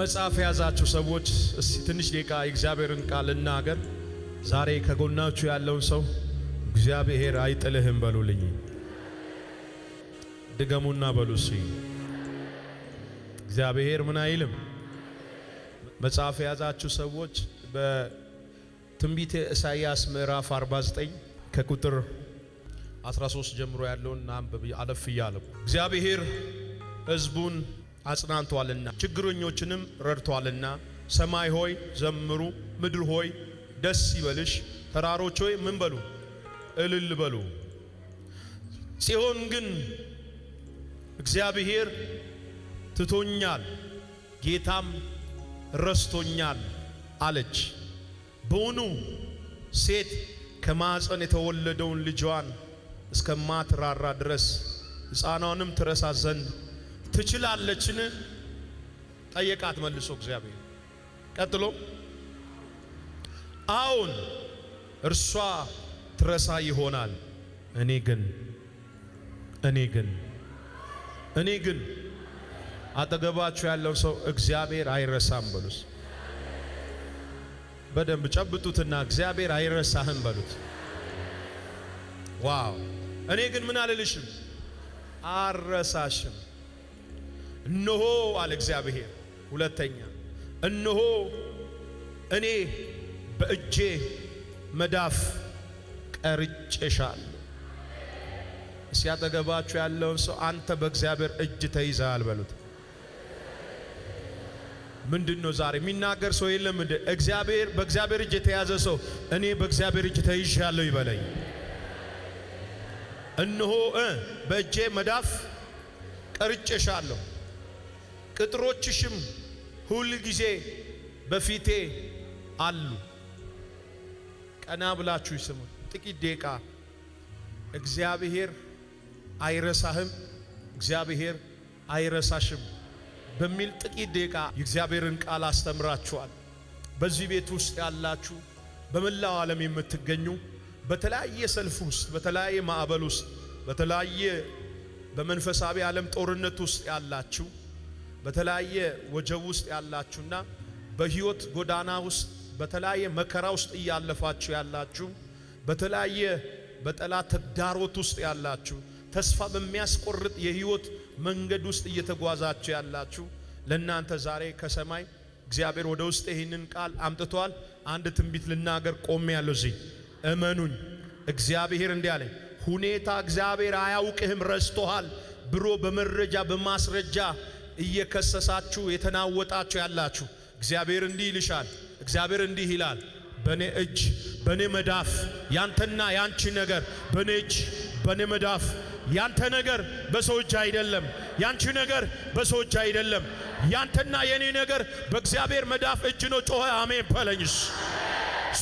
መጽሐፍ የያዛችሁ ሰዎች እስቲ ትንሽ ደቂቃ የእግዚአብሔርን ቃል እናገር። ዛሬ ከጎናችሁ ያለውን ሰው እግዚአብሔር አይጥልህም በሉልኝ። ድገሙና በሉሲ እግዚአብሔር ምን አይልም። መጽሐፍ የያዛችሁ ሰዎች በትንቢት ኢሳይያስ ምዕራፍ 49 ከቁጥር 13 ጀምሮ ያለውን አንብብ። አለፍ እያለ እግዚአብሔር ሕዝቡን አጽናንቷልና ችግረኞችንም ረድቷልና። ሰማይ ሆይ ዘምሩ፣ ምድር ሆይ ደስ ይበልሽ፣ ተራሮች ሆይ ምን በሉ እልል በሉ። ጽዮን ግን እግዚአብሔር ትቶኛል ጌታም ረስቶኛል አለች። በውኑ ሴት ከማፀን የተወለደውን ልጇን እስከማትራራ ድረስ ሕፃኗንም ትረሳ ዘንድ ትችላለችን? ጠየቃት መልሶ እግዚአብሔር። ቀጥሎ አሁን እርሷ ትረሳ ይሆናል፣ እኔ ግን እኔ ግን እኔ ግን አጠገባችሁ ያለው ሰው እግዚአብሔር አይረሳም በሉት በደንብ ጨብጡትና እግዚአብሔር አይረሳህም በሉት። ዋው! እኔ ግን ምን አልልሽም፣ አረሳሽም። እነሆ አለ እግዚአብሔር። ሁለተኛ እነሆ እኔ በእጄ መዳፍ ቀርጬሻለሁ። ሲያጠገባችሁ ያለውን ሰው አንተ በእግዚአብሔር እጅ ተይዘሃል በሉት። ምንድን ነው ዛሬ የሚናገር ሰው የለም እንዴ? እግዚአብሔር በእግዚአብሔር እጅ የተያዘ ሰው እኔ በእግዚአብሔር እጅ ተይዣለሁ ይበለኝ። እነሆ በእጄ መዳፍ ቀርጬሻለሁ ቅጥሮችሽም ሁል ጊዜ በፊቴ አሉ። ቀና ብላችሁ ስሙ። ጥቂት ደቂቃ እግዚአብሔር አይረሳህም፣ እግዚአብሔር አይረሳሽም በሚል ጥቂት ደቂቃ የእግዚአብሔርን ቃል አስተምራችኋል። በዚህ ቤት ውስጥ ያላችሁ በመላው ዓለም የምትገኙ በተለያየ ሰልፍ ውስጥ፣ በተለያየ ማዕበል ውስጥ፣ በተለያየ በመንፈሳዊ ዓለም ጦርነት ውስጥ ያላችሁ በተለያየ ወጀብ ውስጥ ያላችሁና በህይወት ጎዳና ውስጥ በተለያየ መከራ ውስጥ እያለፋችሁ ያላችሁ፣ በተለያየ በጠላት ተግዳሮት ውስጥ ያላችሁ፣ ተስፋ በሚያስቆርጥ የህይወት መንገድ ውስጥ እየተጓዛችሁ ያላችሁ ለእናንተ ዛሬ ከሰማይ እግዚአብሔር ወደ ውስጥ ይህንን ቃል አምጥቷል። አንድ ትንቢት ልናገር ቆሜ ያለው እዚህ እመኑኝ። እግዚአብሔር እንዲህ አለኝ፣ ሁኔታ እግዚአብሔር አያውቅህም ረስቶሃል ብሎ በመረጃ በማስረጃ እየከሰሳችሁ የተናወጣችሁ ያላችሁ እግዚአብሔር እንዲህ ይልሻል፣ እግዚአብሔር እንዲህ ይላል። በኔ እጅ በኔ መዳፍ ያንተና ያንቺ ነገር በኔ እጅ በኔ መዳፍ ያንተ ነገር በሰው እጅ አይደለም። ያንቺ ነገር በሰው እጅ አይደለም። ያንተና የኔ ነገር በእግዚአብሔር መዳፍ እጅ ነው። ጮኸ አሜን በለኝስ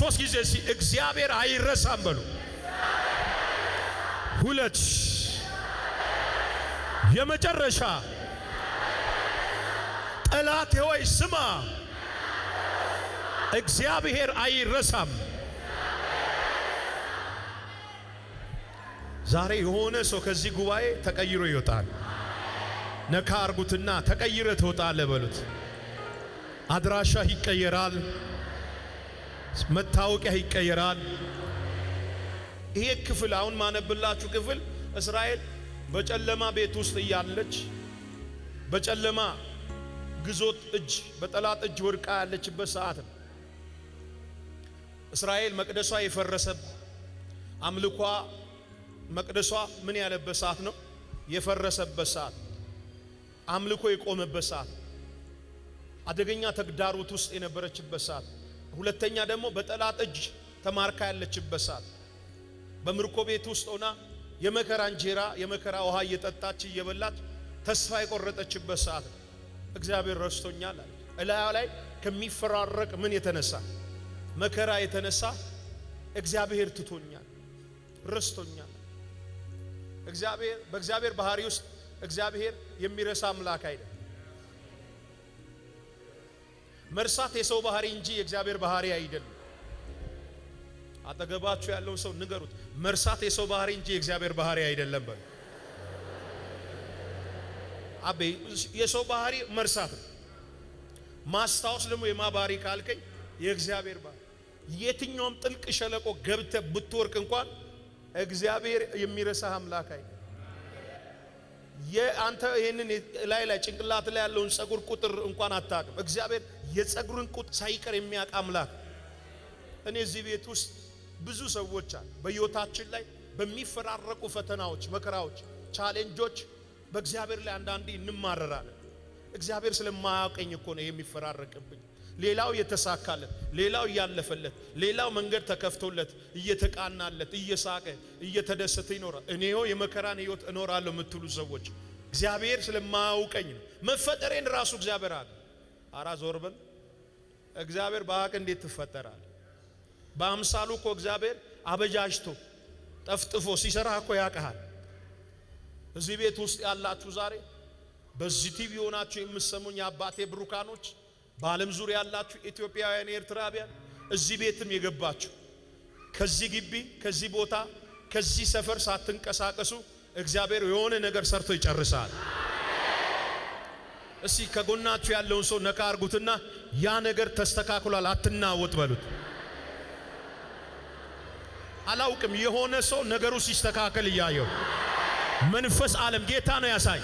ሶስት ጊዜ ሲ እግዚአብሔር አይረሳም በሉ። ሁለት የመጨረሻ ጠላት ሆይ ስማ፣ እግዚአብሔር አይረሳም። ዛሬ የሆነ ሰው ከዚህ ጉባኤ ተቀይሮ ይወጣል። ነካ አርጉትና ተቀይረ ትወጣለህ በሉት። አድራሻ ይቀየራል። መታወቂያ ይቀየራል። ይሄ ክፍል አሁን ማነብላችሁ ክፍል እስራኤል በጨለማ ቤት ውስጥ እያለች በጨለማ ግዞት እጅ በጠላት እጅ ወድቃ ያለችበት ሰዓት ነው። እስራኤል መቅደሷ የፈረሰ አምልኳ መቅደሷ ምን ያለበት ሰዓት ነው? የፈረሰበት ሰዓት፣ አምልኮ የቆመበት ሰዓት፣ አደገኛ ተግዳሮት ውስጥ የነበረችበት ሰዓት። ሁለተኛ ደግሞ በጠላት እጅ ተማርካ ያለችበት ሰዓት፣ በምርኮ ቤት ውስጥ ሆና የመከራ እንጀራ የመከራ ውሃ እየጠጣች እየበላች ተስፋ የቆረጠችበት ሰዓት ነው። እግዚአብሔር ረስቶኛል አለ። እላዩ ላይ ከሚፈራረቅ ምን የተነሳ መከራ የተነሳ እግዚአብሔር ትቶኛል፣ ረስቶኛል። እግዚአብሔር በእግዚአብሔር ባህሪ ውስጥ እግዚአብሔር የሚረሳ አምላክ አይደለም። መርሳት የሰው ባህሪ እንጂ የእግዚአብሔር ባህሪ አይደለም። አጠገባችሁ ያለው ሰው ንገሩት፣ መርሳት የሰው ባህሪ እንጂ የእግዚአብሔር ባህሪ አይደለም በሉ። አበይ የሰው ባህሪ መርሳት ነው። ማስታወስ ደግሞ የማባሪ ካልከኝ የእግዚአብሔር ባህሪ የትኛውም ጥልቅ ሸለቆ ገብተ ብትወርቅ እንኳን እግዚአብሔር የሚረሳህ አምላክ አይ የአንተ ይህንን ላይ ላይ ጭንቅላት ላይ ያለውን ጸጉር ቁጥር እንኳን አታውቅም። እግዚአብሔር የጸጉርን ቁጥር ሳይቀር የሚያውቅ አምላክ። እኔ እዚህ ቤት ውስጥ ብዙ ሰዎች አሉ በሕይወታችን ላይ በሚፈራረቁ ፈተናዎች፣ መከራዎች፣ ቻሌንጆች በእግዚአብሔር ላይ አንዳንዴ እንማረራለን። እግዚአብሔር ስለማያውቀኝ እኮ ነው የሚፈራረቅብኝ። ሌላው የተሳካለት፣ ሌላው እያለፈለት፣ ሌላው መንገድ ተከፍቶለት፣ እየተቃናለት፣ እየሳቀ እየተደሰተ ይኖራል። እኔው የመከራን ህይወት እኖራለሁ የምትሉ ሰዎች እግዚአብሔር ስለማያውቀኝ ነው። መፈጠሬን ራሱ እግዚአብሔር አለ። አራ ዞር በል። እግዚአብሔር በአቅ እንዴት ትፈጠራል? በአምሳሉ እኮ እግዚአብሔር አበጃጅቶ ጠፍጥፎ ሲሰራ እኮ ያውቅሃል። እዚህ ቤት ውስጥ ያላችሁ ዛሬ በዚህ ቲቪ ሆናችሁ የምሰሙኝ አባቴ ብሩካኖች፣ በዓለም ዙሪያ ያላችሁ ኢትዮጵያውያን፣ ኤርትራውያን እዚህ ቤትም የገባችሁ ከዚህ ግቢ ከዚህ ቦታ ከዚህ ሰፈር ሳትንቀሳቀሱ እግዚአብሔር የሆነ ነገር ሰርቶ ይጨርሳል። እስቲ ከጎናችሁ ያለውን ሰው ነካ አርጉትና ያ ነገር ተስተካክሏል አትናወጥ በሉት። አላውቅም የሆነ ሰው ነገሩ ሲስተካከል እያየው መንፈስ ዓለም ጌታ ነው ያሳይ።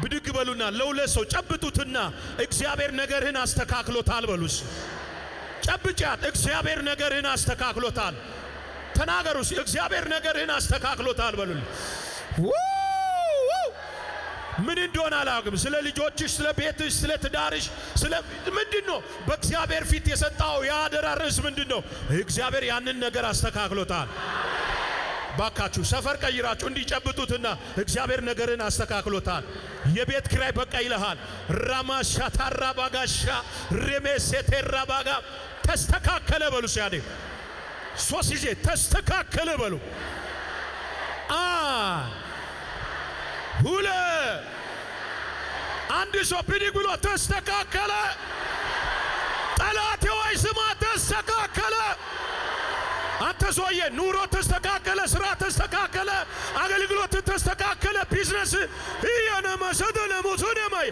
ብድግ በሉና ለሁለት ሰው ጨብጡትና እግዚአብሔር ነገርህን አስተካክሎታል በሉስ። ጨብጫት፣ እግዚአብሔር ነገርህን አስተካክሎታል። ተናገሩስ፣ እግዚአብሔር ነገርህን አስተካክሎታል በሉል። ምን እንደሆነ አላውቅም። ስለ ልጆችሽ፣ ስለ ቤትሽ፣ ስለ ትዳርሽ፣ ስለ ምንድን ነው በእግዚአብሔር ፊት የሰጣው የአደራ ርዕስ ምንድን ነው? እግዚአብሔር ያንን ነገር አስተካክሎታል። ባካችሁ ሰፈር ቀይራችሁ እንዲጨብጡትና እግዚአብሔር ነገርን አስተካክሎታል። የቤት ኪራይ በቃ ይልሃል። ራማሻ ታራ ባጋሻ ሬሜሴቴራ ባጋ ተስተካከለ በሉ። ሲያዴ ሶስት ጊዜ ተስተካከለ በሉ። አ ሁለ አንድ ሰው ብድግ ብሎ ተስተካከለ። መንፈስ ሆየ ኑሮ ተስተካከለ፣ ስራ ተስተካከለ፣ አገልግሎት ተስተካከለ፣ ቢዝነስ እየነ መሰደ ሙቱነ የማይ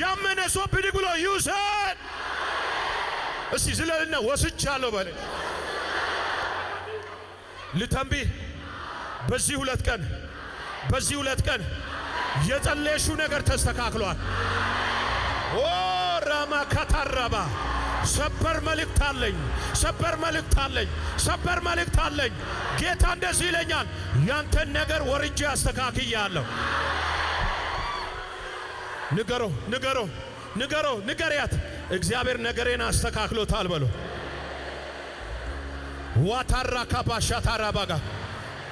ያመነ ሰው ብድግ ብሎ ይውሰድ እስቲ ዝለልና ወስጃለሁ በለ ልተንቢ በዚህ ሁለት ቀን በዚህ ሁለት ቀን የጸለየሽው ነገር ተስተካክሏል። ኦ ራማ ካታራባ ሰበር መልእክት አለኝ፣ ሰበር መልእክት አለኝ፣ ሰበር መልእክት አለኝ። ጌታ እንደዚህ ይለኛል፣ ያንተን ነገር ወርጄ አስተካክያለሁ። ንገሮ ንገሮ ንገሮ ንገሪያት፣ እግዚአብሔር ነገሬን አስተካክሎታል በሎ ዋታራ ካባሻ ታራባጋ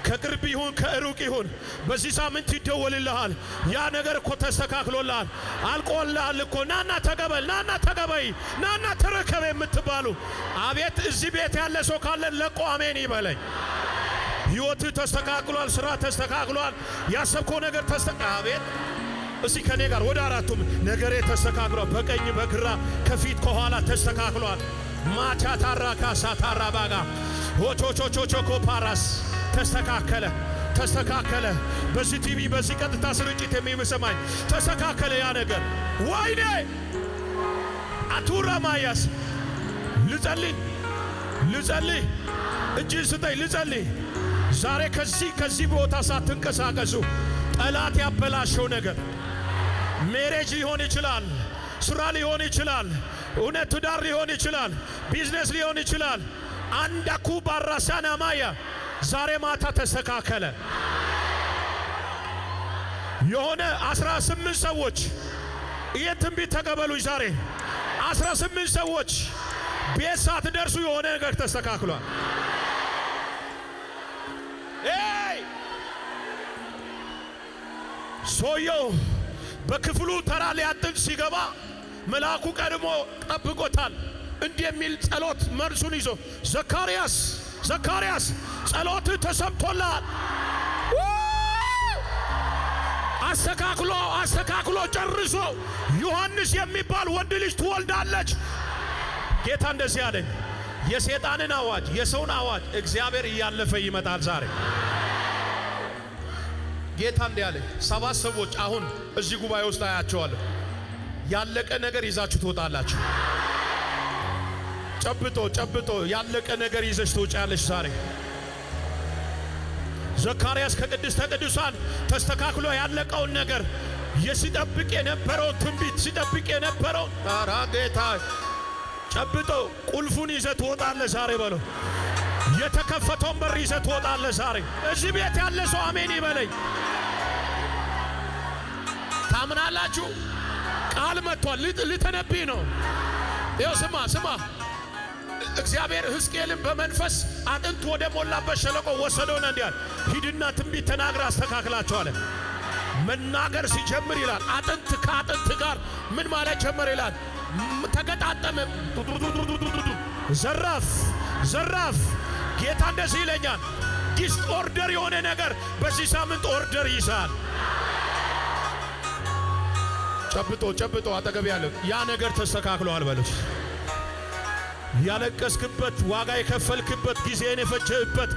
ከቅርብ ይሁን ከሩቅ ይሁን በዚህ ሳምንት ይደወልልሃል። ያ ነገር እኮ ተስተካክሎልሃል፣ አልቆልሃል እኮ ናና ተቀበል፣ ናና ተቀበይ፣ ናና ተረከበ የምትባሉ አቤት! እዚህ ቤት ያለ ሰው ካለ ለቆ አሜን ይበለኝ። ሕይወትህ ተስተካክሏል፣ ስራ ተስተካክሏል፣ ያሰብከው ነገር ተስተካ አቤት እስቲ ከኔ ጋር ወደ አራቱም ነገሬ ተስተካክሏል። በቀኝ በግራ ከፊት ከኋላ ተስተካክሏል። ማቻ ታራካሳ ታራባጋ ሆቾቾቾቾኮ ፓራስ ተስተካከለ ተስተካከለ። በዚህ ቲቪ በዚህ ቀጥታ ስርጭት የሚሰማኝ ተስተካከለ። ያ ነገር ወይኔ አቱራ ማያስ ልጸልይ ልጸልይ እጅ ስጠኝ ልጸልይ። ዛሬ ከዚህ ከዚህ ቦታ ሳትንቀሳቀሱ ጠላት ያበላሸው ነገር ሜሬጅ ሊሆን ይችላል፣ ስራ ሊሆን ይችላል፣ እውነት ትዳር ሊሆን ይችላል፣ ቢዝነስ ሊሆን ይችላል። አንዳኩ ማያ ዛሬ ማታ ተስተካከለ። የሆነ አስራ ስምንት ሰዎች ይህ ትንቢት ተቀበሉኝ። ዛሬ አስራ ስምንት ሰዎች ቤት ሳትደርሱ የሆነ ነገር ተስተካክሏል። ሰውየው በክፍሉ ተራ ሊያጥብ ሲገባ መልአኩ ቀድሞ ጠብቆታል። እንዲህ የሚል ጸሎት መልሱን ይዞ ዘካርያስ ዘካርያስ ጸሎት ተሰምቶላል። አስተካክሎ አስተካክሎ ጨርሶ ዮሐንስ የሚባል ወንድ ልጅ ትወልዳለች። ጌታ እንደዚህ አለኝ። የሰይጣንን አዋጅ የሰውን አዋጅ እግዚአብሔር እያለፈ ይመጣል። ዛሬ ጌታ እንዲህ አለኝ። ሰባት ሰዎች አሁን እዚህ ጉባኤ ውስጥ አያቸዋለሁ። ያለቀ ነገር ይዛችሁ ትወጣላችሁ። ጨብጦ ጨብጦ ያለቀ ነገር ይዘሽ ትውጫለሽ ዛሬ። ዘካርያስ ከቅድስተ ቅዱሳን ተስተካክሎ ያለቀውን ነገር የሲጠብቅ የነበረው ትንቢት ሲጠብቅ የነበረው ኧረ ጌታ ጨብጦ ቁልፉን ይዘ ትወጣለ ዛሬ በለው። የተከፈተውን በር ይዘ ትወጣለ ዛሬ። እዚህ ቤት ያለ ሰው አሜን ይበለኝ። ታምናላችሁ? ቃል መጥቷል። ልተነብይ ነው። ይኸው ስማ ስማ እግዚአብሔር ሕዝቅኤልን በመንፈስ አጥንት ወደ ሞላበት ሸለቆ ወሰደውና እንዲያል ሂድና ትንቢት ተናግረ አስተካክላቸዋለ። መናገር ሲጀምር ይላል አጥንት ከአጥንት ጋር ምን ማለት ጀመር ይላል ተገጣጠመ። ዘራፍ ዘራፍ ጌታ እንደዚህ ይለኛል። ዲስ ኦርደር የሆነ ነገር በዚህ ሳምንት ኦርደር ይይዛል። ጨብጦ ጨብጦ አጠገብ ያለው ያ ነገር ተስተካክለዋል በሉት። ያለቀስክበት ዋጋ የከፈልክበት ጊዜን የፈጀህበት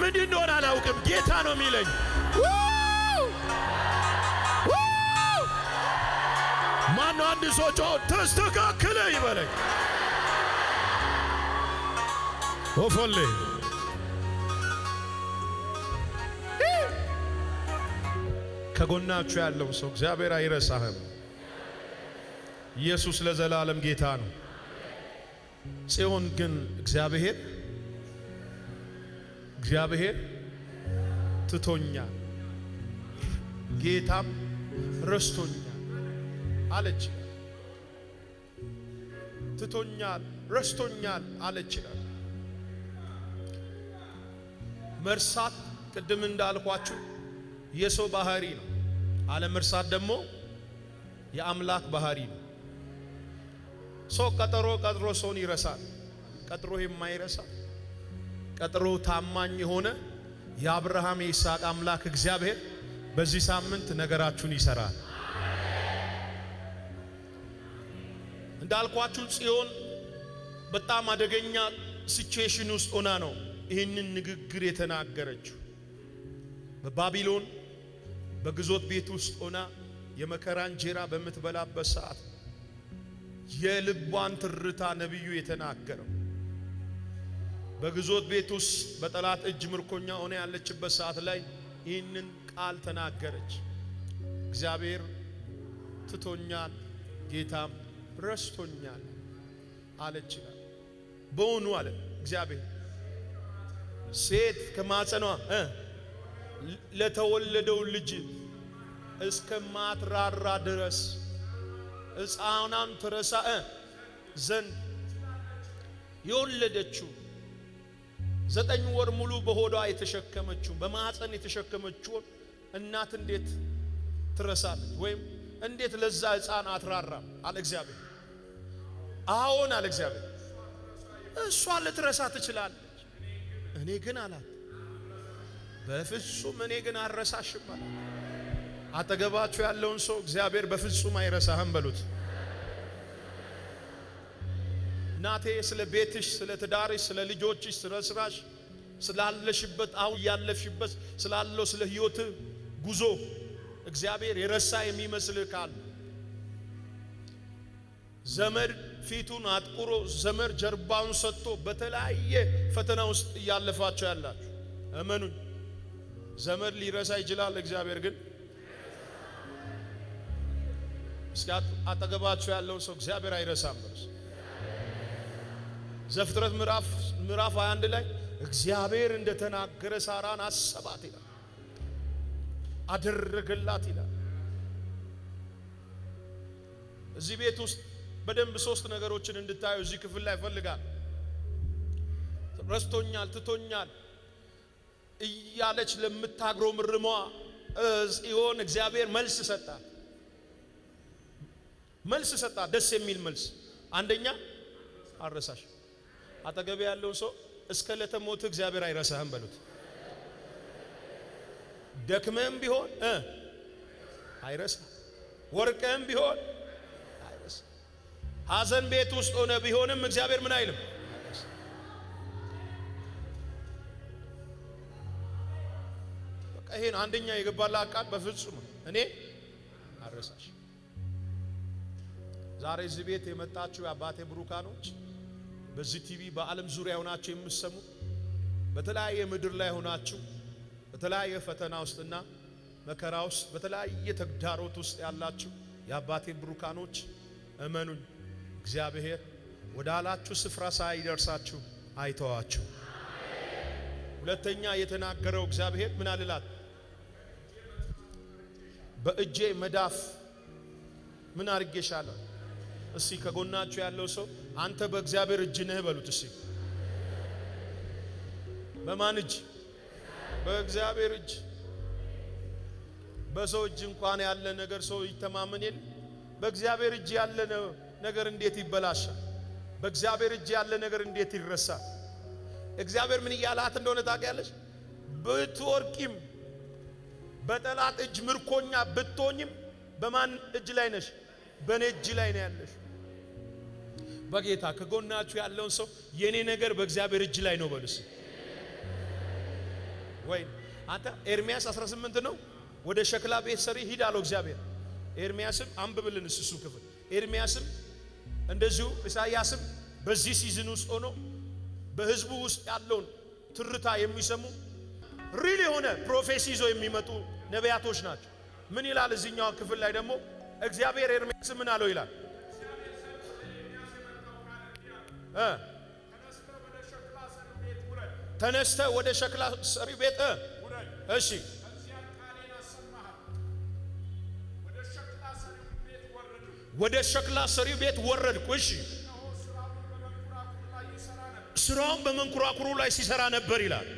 ምን እንደሆነ አላውቅም። ጌታ ነው የሚለኝ። ማነው አንድ ሰው ጮ ተስተካከለ ይበለኝ። ኦፎሌ ከጎናችሁ ያለው ሰው እግዚአብሔር አይረሳህም። ኢየሱስ ለዘላለም ጌታ ነው። ጽዮን ግን እግዚአብሔር እግዚአብሔር ትቶኛል ጌታም ረስቶኛል አለች። ትቶኛል ረስቶኛል አለች። መርሳት ቅድም እንዳልኳችሁ የሰው ባህሪ ነው። አለመርሳት ደግሞ የአምላክ ባህሪ ነው። ሰው ቀጠሮ ቀጥሮ ሰውን ይረሳል። ቀጥሮ የማይረሳ ቀጥሮ ታማኝ የሆነ የአብርሃም የይስሐቅ አምላክ እግዚአብሔር በዚህ ሳምንት ነገራችሁን ይሰራል። እንዳልኳችሁ ጽዮን በጣም አደገኛ ሲቹዌሽን ውስጥ ሆና ነው ይህንን ንግግር የተናገረችው። በባቢሎን በግዞት ቤት ውስጥ ሆና የመከራ እንጀራ በምትበላበት ሰዓት የልቧን ትርታ ነቢዩ የተናገረው በግዞት ቤት ውስጥ በጠላት እጅ ምርኮኛ ሆነ ያለችበት ሰዓት ላይ ይህንን ቃል ተናገረች። እግዚአብሔር ትቶኛል፣ ጌታም ረስቶኛል አለች። በእውኑ አለ እግዚአብሔር ሴት ከማጸኗ ለተወለደው ልጅ እስከማትራራ ድረስ ሕፃናም ትረሳእ ዘንድ የወለደችው ዘጠኝ ወር ሙሉ በሆዷ የተሸከመችው በማኅፀን የተሸከመችውን እናት እንዴት ትረሳለች? ወይም እንዴት ለዛ ሕፃን አትራራም? አለ እግዚአብሔር። አዎን አለ እግዚአብሔር። እሷ ልትረሳ ትችላለች፣ እኔ ግን አላት በፍጹም እኔ ግን አረሳሽም አላት። አጠገባችሁ ያለውን ሰው እግዚአብሔር በፍጹም አይረሳህም በሉት። እናቴ ስለ ቤትሽ፣ ስለ ትዳርሽ፣ ስለ ልጆችሽ፣ ስለ ስራሽ፣ ስላለሽበት አሁን ያለፍሽበት ስላለው ስለ ህይወት ጉዞ እግዚአብሔር የረሳ የሚመስልህ ካለ ዘመድ ፊቱን አጥቁሮ ዘመድ ጀርባውን ሰጥቶ በተለያየ ፈተና ውስጥ እያለፋቸው ያላችሁ እመኑኝ፣ ዘመድ ሊረሳ ይችላል፣ እግዚአብሔር ግን እስኪ አጠገባችሁ ያለውን ሰው እግዚአብሔር አይረሳም። ዘፍጥረት ምዕራፍ ምዕራፍ 21 ላይ እግዚአብሔር እንደተናገረ ሳራን አሰባት ይላል፣ አደረገላት ይላል። እዚህ ቤት ውስጥ በደንብ ሶስት ነገሮችን እንድታዩ እዚህ ክፍል ላይ ፈልጋል። ረስቶኛል፣ ትቶኛል እያለች ለምታግሮ ምርሟ ጽዮን እግዚአብሔር መልስ ሰጣል። መልስ ሰጣ። ደስ የሚል መልስ። አንደኛ አረሳሽ። አጠገብ ያለውን ሰው እስከ ለተሞት እግዚአብሔር አይረሳህም በሉት። ደክመም ቢሆን አይረሳ፣ ወርቀም ቢሆን አይረሳ። ሀዘን ቤት ውስጥ ሆነ ቢሆንም እግዚአብሔር ምን አይልም። በቃ ይሄን አንደኛ የገባላ አቃል በፍጹም እኔ አረሳሽ ዛሬ እዚህ ቤት የመጣችሁ የአባቴ ብሩካኖች፣ በዚህ ቲቪ በዓለም ዙሪያ ሆናችሁ የምሰሙ፣ በተለያየ ምድር ላይ ሆናችሁ በተለያየ ፈተና ውስጥና መከራ ውስጥ በተለያየ ተግዳሮት ውስጥ ያላችሁ የአባቴ ብሩካኖች፣ እመኑኝ እግዚአብሔር ወዳላችሁ ስፍራ ሳይደርሳችሁ አይተዋችሁ። ሁለተኛ የተናገረው እግዚአብሔር ምን አልላት በእጄ መዳፍ ምን አርጌሻለሁ እስቲ ከጎናችሁ ያለው ሰው አንተ በእግዚአብሔር እጅ ነህ በሉት። እስቲ በማን እጅ? በእግዚአብሔር እጅ። በሰው እጅ እንኳን ያለ ነገር ሰው ይተማመን የለ። በእግዚአብሔር እጅ ያለ ነገር እንዴት ይበላሻል? በእግዚአብሔር እጅ ያለ ነገር እንዴት ይረሳል? እግዚአብሔር ምን እያላት እንደሆነ ታውቂያለሽ? ብትወርቂም፣ በጠላት እጅ ምርኮኛ ብትሆኝም በማን እጅ ላይ ነሽ? በእኔ እጅ ላይ ነው ያለሽ። በጌታ ከጎናችሁ ያለውን ሰው የኔ ነገር በእግዚአብሔር እጅ ላይ ነው በሉስ። ወይ አንተ ኤርሚያስ 18 ነው ወደ ሸክላ ቤት ሰሪ ሂድ አለው እግዚአብሔር። ኤርሚያስም አንብብልን እሱ ክፍል ኤርሚያስም እንደዚሁ ኢሳያስም በዚህ ሲዝን ውስጥ ሆኖ በህዝቡ ውስጥ ያለውን ትርታ የሚሰሙ ሪል የሆነ ፕሮፌሲ ይዞ የሚመጡ ነቢያቶች ናቸው። ምን ይላል እዚህኛው ክፍል ላይ ደግሞ እግዚአብሔር ኤርምያስ ምን አለው ይላል ተነስተ ወደ ሸክላ ሰሪ ቤት እሺ ወደ ሸክላ ሰሪ ቤት ወረድኩ። እሺ ስራውን በመንኩራኩሩ ላይ ሲሰራ ነበር ይላል።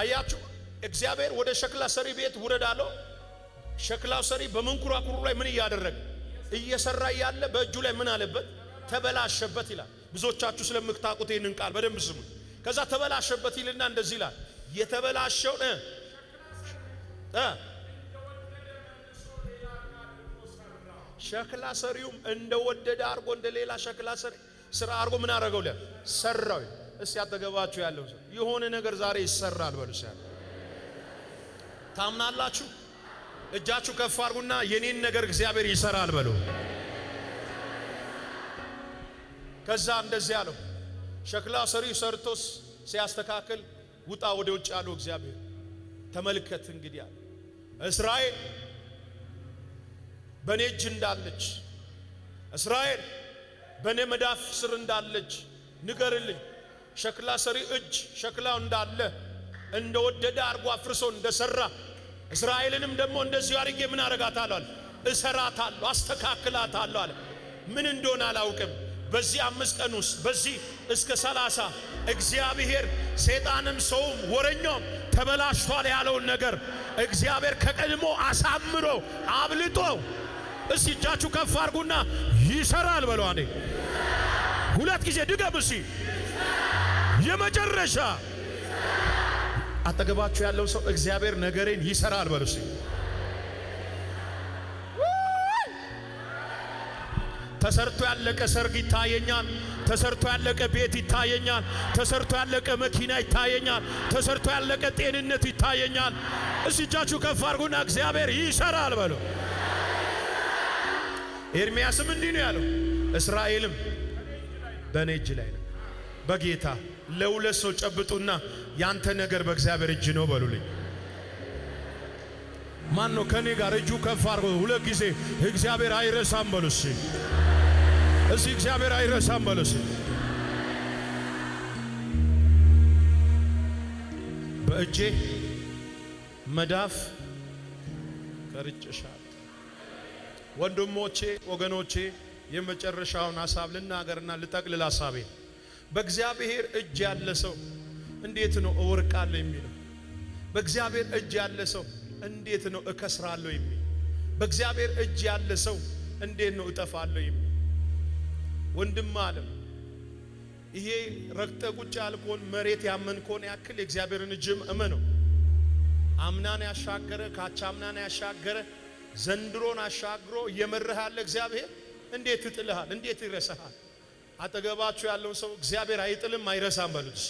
አያችሁ፣ እግዚአብሔር ወደ ሸክላ ሰሪ ቤት ውረድ አለው። ሸክላው ሰሪ በመንኩራኩሩ ላይ ምን እያደረገ እየሰራ ያለ በእጁ ላይ ምን አለበት? ተበላሸበት ይላል። ብዙዎቻችሁ ስለምታውቁት ይህንን ቃል በደንብ ስሙ። ከዛ ተበላሸበት ይልና እንደዚህ ይላል የተበላሸውን ሸክላ ሰሪውም እንደወደደ አርጎ እንደሌላ ሸክላ ሰሪ ስራ አርጎ ምን አደረገው? ሰራው እስቲ አጠገባችሁ ያለው ሰው የሆነ ነገር ዛሬ ይሰራል በሉ። ታምናላችሁ? እጃችሁ ከፍ አድርጉና የኔን ነገር እግዚአብሔር ይሰራል በሉ። ከዛ እንደዚህ አለው ሸክላ ሰሪ ሰርቶስ ሲያስተካክል ውጣ ወደ ውጭ ያለው እግዚአብሔር ተመልከት እንግዲህ አለ እስራኤል በኔ እጅ እንዳለች እስራኤል በኔ መዳፍ ስር እንዳለች ንገርልኝ ሸክላ ሰሪ እጅ ሸክላው እንዳለ እንደወደደ አርጎ አፍርሶ እንደሰራ እስራኤልንም ደግሞ እንደዚሁ አድርጌ ምን አረጋታለሁ እሰራታለሁ፣ አስተካክላታለሁ አለ። ምን እንደሆነ አላውቅም። በዚህ አምስት ቀን ውስጥ በዚህ እስከ ሰላሳ እግዚአብሔር ሰይጣንም ሰውም ወረኛውም ተበላሽቷል ያለውን ነገር እግዚአብሔር ከቀድሞ አሳምሮ አብልጦ እስቲ እጃችሁ ከፍ አርጉና ይሰራል በሏኔ። ሁለት ጊዜ ድገም እስቲ የመጨረሻ አጠገባችሁ ያለው ሰው እግዚአብሔር ነገሬን ይሰራል በሉ። ተሰርቶ ያለቀ ሰርግ ይታየኛል። ተሰርቶ ያለቀ ቤት ይታየኛል። ተሰርቶ ያለቀ መኪና ይታየኛል። ተሰርቶ ያለቀ ጤንነት ይታየኛል። እስቲ እጃችሁ ከፍ አድርጉና እግዚአብሔር ይሰራል በሉ። ኤርምያስም እንዲህ ነው ያለው፣ እስራኤልም በእኔ እጅ ላይ ነው በጌታ ለሁለት ሰው ጨብጡና ያንተ ነገር በእግዚአብሔር እጅ ነው በሉልኝ። ማን ነው ከኔ ጋር እጁ ከፍ አድርጎ ሁለት ጊዜ እግዚአብሔር አይረሳም በሉስ። እዚህ እግዚአብሔር አይረሳም በሉስ። በእጄ መዳፍ ቀርጭሻል። ወንድሞቼ፣ ወገኖቼ የመጨረሻውን ሐሳብ ልናገርና ልጠቅልል ሐሳቤ በእግዚአብሔር እጅ ያለ ሰው እንዴት ነው እወርቃለሁ የሚለው? በእግዚአብሔር እጅ ያለ ሰው እንዴት ነው እከስራለሁ የሚለው በእግዚአብሔር እጅ ያለ ሰው እንዴት ነው እጠፋለሁ የሚለው? ወንድም አለም ይሄ ረግጠ ቁጭ ያልኮን መሬት ያመንኮን ያክል የእግዚአብሔርን እጅም እመነው። አምናን ያሻገረ አምናን ያሻገረ ዘንድሮን አሻግሮ እየመራህ ያለ እግዚአብሔር እንዴት ይጥልሃል? እንዴት ይረሳሃል? አጠገባችሁ ያለውን ሰው እግዚአብሔር አይጥልም አይረሳም በሉት።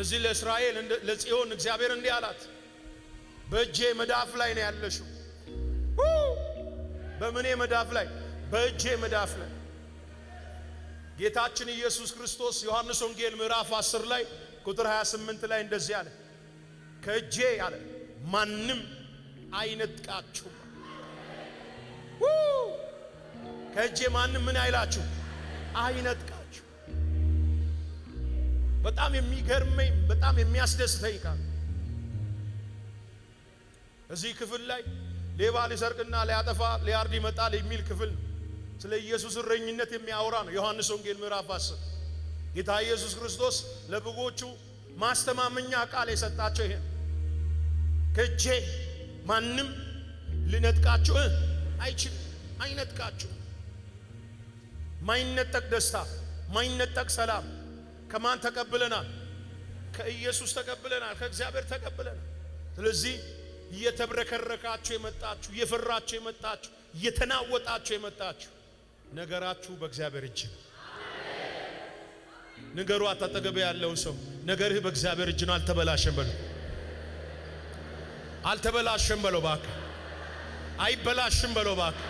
እዚህ ለእስራኤል ለጽዮን እግዚአብሔር እንዲህ አላት፣ በእጄ መዳፍ ላይ ነው ያለሽው። በምኔ መዳፍ ላይ? በእጄ መዳፍ ላይ። ጌታችን ኢየሱስ ክርስቶስ ዮሐንስ ወንጌል ምዕራፍ 10 ላይ ቁጥር 28 ላይ እንደዚህ አለ፣ ከእጄ አለ ማንም አይነጥቃችሁም ከእጄ ማንም ምን አይላችሁ አይነጥቃችሁ። በጣም የሚገርመኝ በጣም የሚያስደስተኝ ቃል እዚህ ክፍል ላይ ሌባ ሊሰርቅና ሊያጠፋ ሊያርድ ይመጣል የሚል ክፍል ስለ ኢየሱስ እረኝነት የሚያወራ ነው። ዮሐንስ ወንጌል ምዕራፍ 10 ጌታ ኢየሱስ ክርስቶስ ለበጎቹ ማስተማመኛ ቃል የሰጣቸው ይሄ ከእጄ ማንም ሊነጥቃችሁ አይችልም፣ አይነጥቃችሁ ማይነጠቅ ደስታ፣ ማይነጠቅ ሰላም ከማን ተቀብለናል? ከኢየሱስ ተቀብለናል፣ ከእግዚአብሔር ተቀብለናል። ስለዚህ እየተብረከረካችሁ የመጣችሁ እየፈራችሁ የመጣችሁ እየተናወጣችሁ የመጣችሁ ነገራችሁ በእግዚአብሔር እጅ ነው። ንገሩ አታጠገበ ያለው ሰው ነገርህ በእግዚአብሔር እጅ ነው። አልተበላሸም በለው፣ አልተበላሸም በለው፣ እባክህ አይበላሽም በለው፣ እባክህ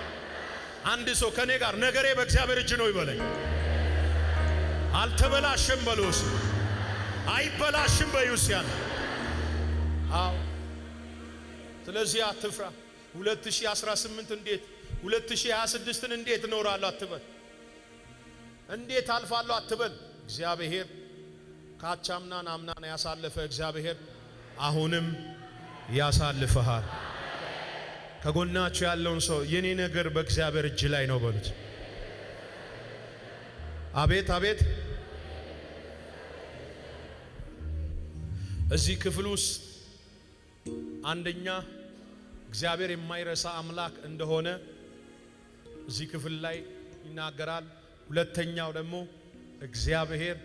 አንድ ሰው ከኔ ጋር ነገሬ በእግዚአብሔር እጅ ነው ይበለኝ። አልተበላሽም በሉስ አይበላሽም በዩስያን አዎ። ስለዚህ አትፍራ። 2018 እንዴት 2026ን እንዴት እኖራለሁ አትበል፣ እንዴት አልፋለሁ አትበል። እግዚአብሔር ካቻምናን አምናን ያሳለፈ እግዚአብሔር አሁንም ያሳልፈሃል። ከጎናችሁ ያለውን ሰው የኔ ነገር በእግዚአብሔር እጅ ላይ ነው በሉት። አቤት አቤት። እዚህ ክፍል ውስጥ አንደኛ እግዚአብሔር የማይረሳ አምላክ እንደሆነ እዚህ ክፍል ላይ ይናገራል። ሁለተኛው ደግሞ እግዚአብሔር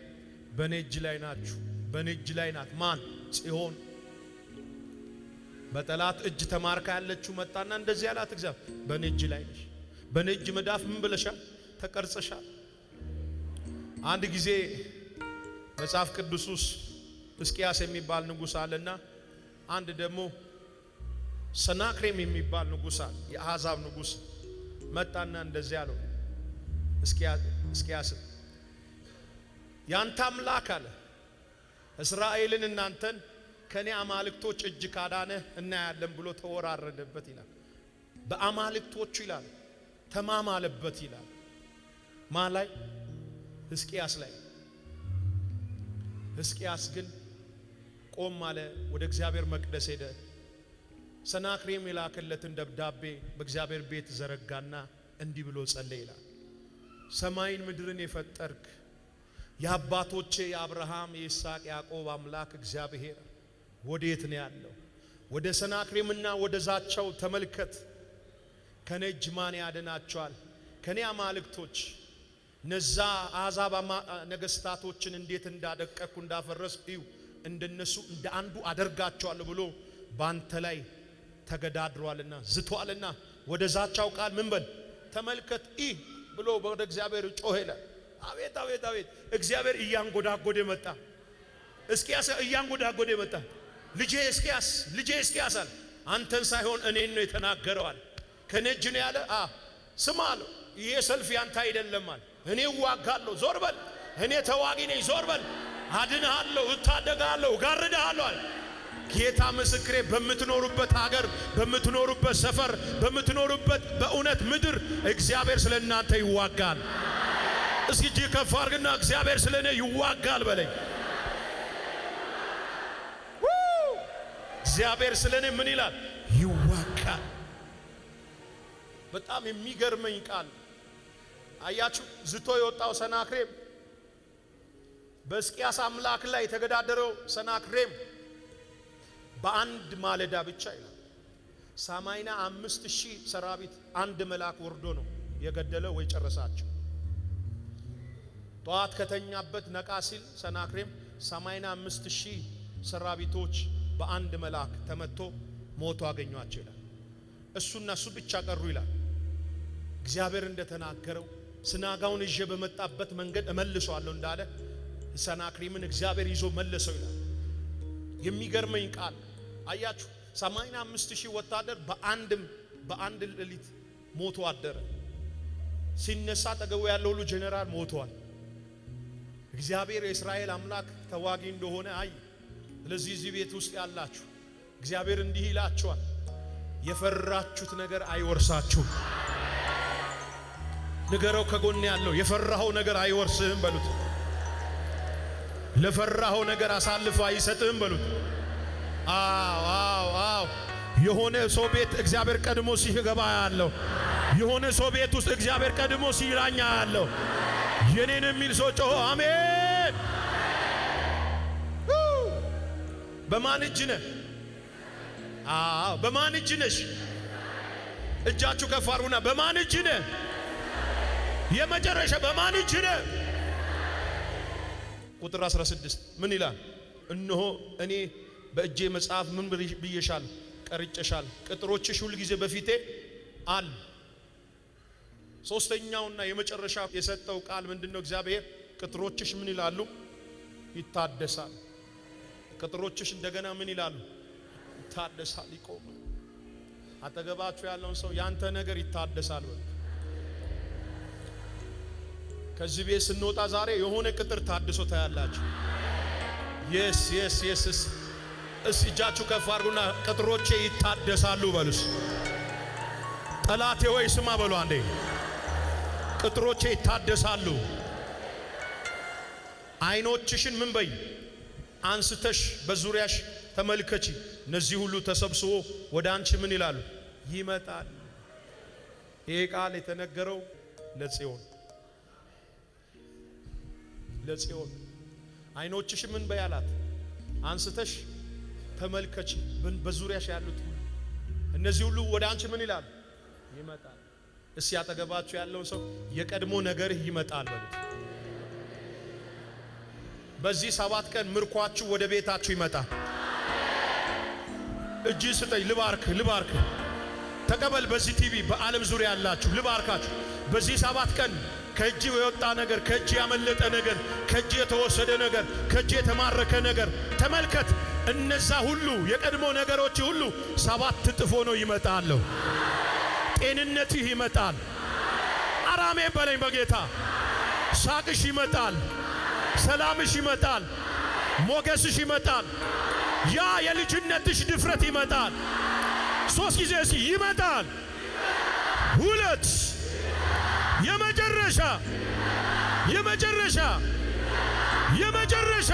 በእኔ እጅ ላይ ናችሁ፣ በእኔ እጅ ላይ ናት። ማን ጽዮን በጠላት እጅ ተማርካ ያለችው መጣና እንደዚህ ያላት እግዚአብሔር በኔ እጅ ላይ ነሽ፣ በኔ እጅ መዳፍ ምን ብለሻል? ተቀርጸሻል። አንድ ጊዜ መጽሐፍ ቅዱስ ውስጥ ሕዝቅያስ የሚባል ንጉሥ አለና አንድ ደግሞ ሰናክሬም የሚባል ንጉሥ አለ፣ የአሕዛብ ንጉሥ መጣና እንደዚህ አለው ሕዝቅያስ ያንተ አምላክ አለ እስራኤልን እናንተን ከኔ አማልክቶች እጅ ካዳነ እናያለን ብሎ ተወራረደበት ይላል። በአማልክቶቹ ይላል ተማማለበት ይላል። ማ ላይ ሕዝቅያስ ላይ ሕዝቅያስ ግን ቆም አለ። ወደ እግዚአብሔር መቅደስ ሄደ። ሰናክሬም የላከለትን ደብዳቤ በእግዚአብሔር ቤት ዘረጋና እንዲህ ብሎ ጸለይ ይላል። ሰማይን ምድርን የፈጠርክ የአባቶቼ የአብርሃም የይስሐቅ ያዕቆብ አምላክ እግዚአብሔር ወዴት ነው ያለው? ወደ ሰናክሬምና ወደ ዛቻው ተመልከት። ከኔ እጅ ማን ያድናቸዋል? ከኔ አማልክቶች ነዛ አሕዛብ ነገስታቶችን እንዴት እንዳደቀኩ እንዳፈረስ እዩ፣ እንደነሱ እንደ አንዱ አደርጋቸዋለሁ ብሎ ባንተ ላይ ተገዳድሯልና ዝቷልና፣ ወደ ዛቻው ቃል ምን በል ተመልከት ኢ ብሎ ወደ እግዚአብሔር ጮኸ ይላል። አቤት አቤት አቤት! እግዚአብሔር እያንጎዳጎደ መጣ። እስኪ ያሰ እያንጎዳጎደ መጣ። ልጄ እስኪያስ ልጄ እስኪያስ አለ። አንተን ሳይሆን እኔን ነው የተናገረዋል። ከኔ እጅ ነው ያለ። አ ስማ አለው። ይሄ ሰልፍ ያንተ አይደለም አለ። እኔ እዋጋለሁ፣ ዞር በል። እኔ ተዋጊ ነኝ፣ ዞር በል። አድንሃለሁ፣ እታደጋለሁ፣ እጋርድሃለሁ አለ። ጌታ ምስክሬ፣ በምትኖሩበት ሀገር፣ በምትኖሩበት ሰፈር፣ በምትኖሩበት በእውነት ምድር እግዚአብሔር ስለ እናንተ ይዋጋል። እስኪ እጅ ከፍ አድርግና እግዚአብሔር ስለ እኔ ይዋጋል በለኝ። እግዚአብሔር ስለ እኔ ምን ይላል? ይዋጋል። በጣም የሚገርመኝ ቃል አያችሁ። ዝቶ የወጣው ሰናክሬም በሕዝቅያስ አምላክ ላይ የተገዳደረው ሰናክሬም በአንድ ማለዳ ብቻ ይላል ሰማይና አምስት ሺህ ሰራዊት አንድ መልአክ ወርዶ ነው የገደለው ወይ ጨረሳቸው። ጠዋት ከተኛበት ነቃ ሲል ሰናክሬም ሰማንያ አምስት ሺህ ሰራቢቶች በአንድ መልአክ ተመቶ ሞቶ አገኟቸው ይላል። እሱና እሱ ብቻ ቀሩ ይላል። እግዚአብሔር እንደተናገረው ስናጋውን እዤ በመጣበት መንገድ እመልሰዋለሁ እንዳለ ሰናክሪምን እግዚአብሔር ይዞ መለሰው ይላል። የሚገርመኝ ቃል አያችሁ፣ ሰማንያ አምስት ሺህ ወታደር በአንድም በአንድ ሌሊት ሞቶ አደረ። ሲነሳ አጠገቡ ያለው ሁሉ ጄኔራል ሞቷል። እግዚአብሔር የእስራኤል አምላክ ተዋጊ እንደሆነ አይ ስለዚህ እዚህ ቤት ውስጥ ያላችሁ እግዚአብሔር እንዲህ ይላችኋል፣ የፈራችሁት ነገር አይወርሳችሁም። ንገረው ከጎን ያለው የፈራኸው ነገር አይወርስህም በሉት። ለፈራኸው ነገር አሳልፎ አይሰጥህም በሉት። አዎ አዎ አዎ። የሆነ ሰው ቤት እግዚአብሔር ቀድሞ ሲገባ ያለው የሆነ ሰው ቤት ውስጥ እግዚአብሔር ቀድሞ ሲራኛ ያለው የኔን የሚል ሰው ጮሆ አሜን በማን እጅ ነህ? አዎ፣ በማን እጅ ነሽ? እጃችሁ ከፍ አድርጉና በማን እጅ ነህ? የመጨረሻ በማን እጅ ነህ? ቁጥር 16 ምን ይላል? እነሆ እኔ በእጄ መጽሐፍ ምን ብዬሻል? ቀርጨሻል። ቅጥሮችሽ ሁል ጊዜ በፊቴ አል። ሶስተኛውና የመጨረሻ የሰጠው ቃል ምንድነው? እግዚአብሔር ቅጥሮችሽ ምን ይላሉ? ይታደሳል። ቅጥሮችሽ እንደገና ምን ይላሉ? ይታደሳል፣ ይቆማል። አጠገባችሁ ያለውን ሰው ያንተ ነገር ይታደሳል። በቃ ከዚህ ቤት ስንወጣ ዛሬ የሆነ ቅጥር ታድሶ ታያላችሁ። የስ የስ የስ እስ እጃችሁ ከፍ አድርጉና ቅጥሮቼ ይታደሳሉ በሉስ። ጠላቴ ወይ ስማ በሉ አንዴ ቅጥሮቼ ይታደሳሉ። አይኖችሽን ምን በይ አንስተሽ በዙሪያሽ ተመልከቺ። እነዚህ ሁሉ ተሰብስቦ ወደ አንቺ ምን ይላሉ? ይመጣል። ይሄ ቃል የተነገረው ለጽዮን ለጽዮን አይኖችሽ ምን በያላት አንስተሽ ተመልከች። በዙሪያሽ ያሉት እነዚህ ሁሉ ወደ አንቺ ምን ይላሉ? ይመጣል። እስኪ ያጠገባችሁ ያለውን ሰው የቀድሞ ነገርህ ይመጣል በሉት። በዚህ ሰባት ቀን ምርኳችሁ ወደ ቤታችሁ ይመጣል። እጅ ስጠኝ፣ ልባርክ፣ ልባርክ፣ ተቀበል። በዚህ ቲቪ በዓለም ዙሪያ ያላችሁ ልባርካችሁ። በዚህ ሰባት ቀን ከእጅ የወጣ ነገር፣ ከእጅ ያመለጠ ነገር፣ ከእጅ የተወሰደ ነገር፣ ከእጅ የተማረከ ነገር ተመልከት። እነዛ ሁሉ የቀድሞ ነገሮች ሁሉ ሰባት ጥፎ ነው ይመጣለሁ። ጤንነትህ ይመጣል። አራሜ በለኝ በጌታ ሳቅሽ ይመጣል። ሰላምሽ ይመጣል። ሞገስሽ ይመጣል። ያ የልጅነትሽ ድፍረት ይመጣል። ሶስት ጊዜ እስኪ ይመጣል። ሁለት የመጨረሻ የመጨረሻ የመጨረሻ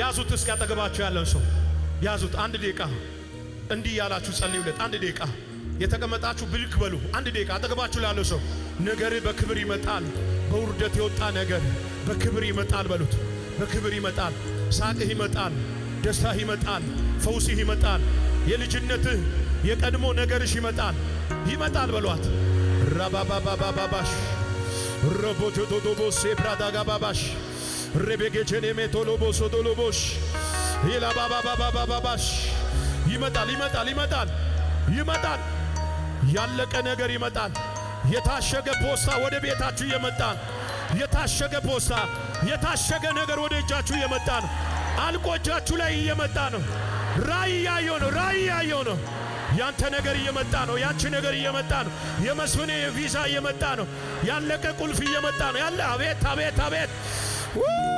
ያዙት። እስኪ አጠገባችሁ ያለን ሰው ያዙት። አንድ ደቂቃ እንዲህ ያላችሁ ጸልዩለት። አንድ ደቂቃ የተቀመጣችሁ ብልክ በሉ። አንድ ደቂቃ አጠገባችሁ ላለው ሰው ነገር በክብር ይመጣል። በውርደት የወጣ ነገር በክብር ይመጣል በሉት። በክብር ይመጣል፣ ሳቅህ ይመጣል፣ ደስታህ ይመጣል፣ ፈውስህ ይመጣል፣ የልጅነትህ የቀድሞ ነገርሽ ይመጣል። ይመጣል በሏት። ራባባባባባሽ ረቦቶቶቶቦሴ ፕራዳጋባባሽ ሬቤጌቼኔሜቶሎቦ ሶዶሎቦሽ ይላባባባባባሽ ይመጣል፣ ይመጣል፣ ይመጣል፣ ይመጣል። ያለቀ ነገር ይመጣል። የታሸገ ፖስታ ወደ ቤታችሁ እየመጣ ነው። የታሸገ ፖስታ፣ የታሸገ ነገር ወደ እጃችሁ እየመጣ ነው። አልቆ እጃችሁ ላይ እየመጣ ነው። ራእይ ያየው ነው። ራእይ ያየው ነው። ያንተ ነገር እየመጣ ነው። ያንቺ ነገር እየመጣ ነው። የመስፍኔ ቪዛ እየመጣ ነው። ያለቀ ቁልፍ እየመጣ ነው። ያለ አቤት አቤት አቤት